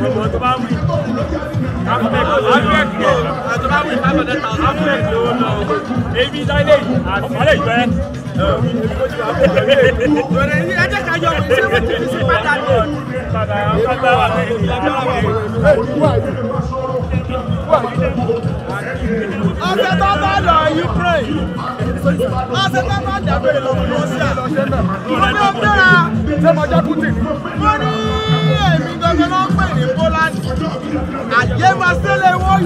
gbogbo tó bá wí káfíńtì káfíńtì tó bá wí káfíńtì Ukraine,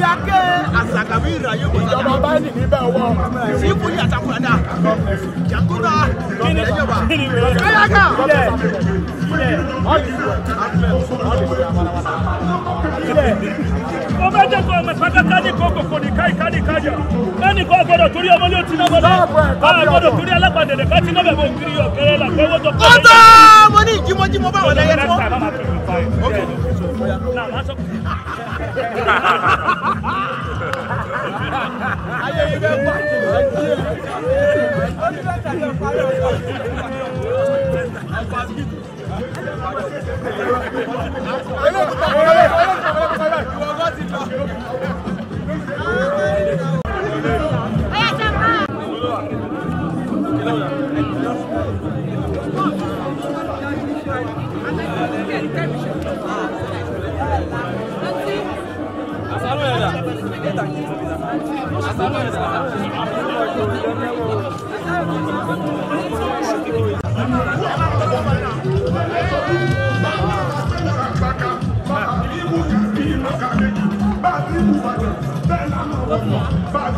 yake asagabi iraye wọta. ìjọba báyìí ní bẹ́ẹ̀ wọ. síkú yàtà kúrẹ́dà jàkúrà ẹ̀yọ̀bà ẹ̀yàkà. o bẹ jẹ kó ọmọ ìpàdé káni kókò kò ní káyì káni káyà káni kó gbọ́dọ̀ torí ọmọ ní otí náà gbọ́dọ̀ gbọ́dọ̀ torí alágbàdẹ̀dẹ̀ káti náà bẹ̀ bọ̀ kiri ọ̀kẹ́rẹ́ la kẹ́wọ́ tó kọ́. ọ̀tọ̀ mo ní ìjímọ́jímọ́ báwọn lẹ́yẹ tó sọ. ayé yìí bẹ́ẹ̀ bá ti rẹ̀ jí ẹ̀ ó ní bẹ́ẹ̀ tẹ̀lé parí ọ̀sán. ọ̀pá bí. ìwọ bá ti lọ. Thank you. Oh,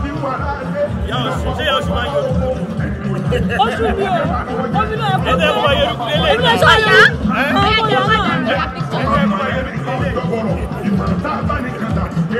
mi o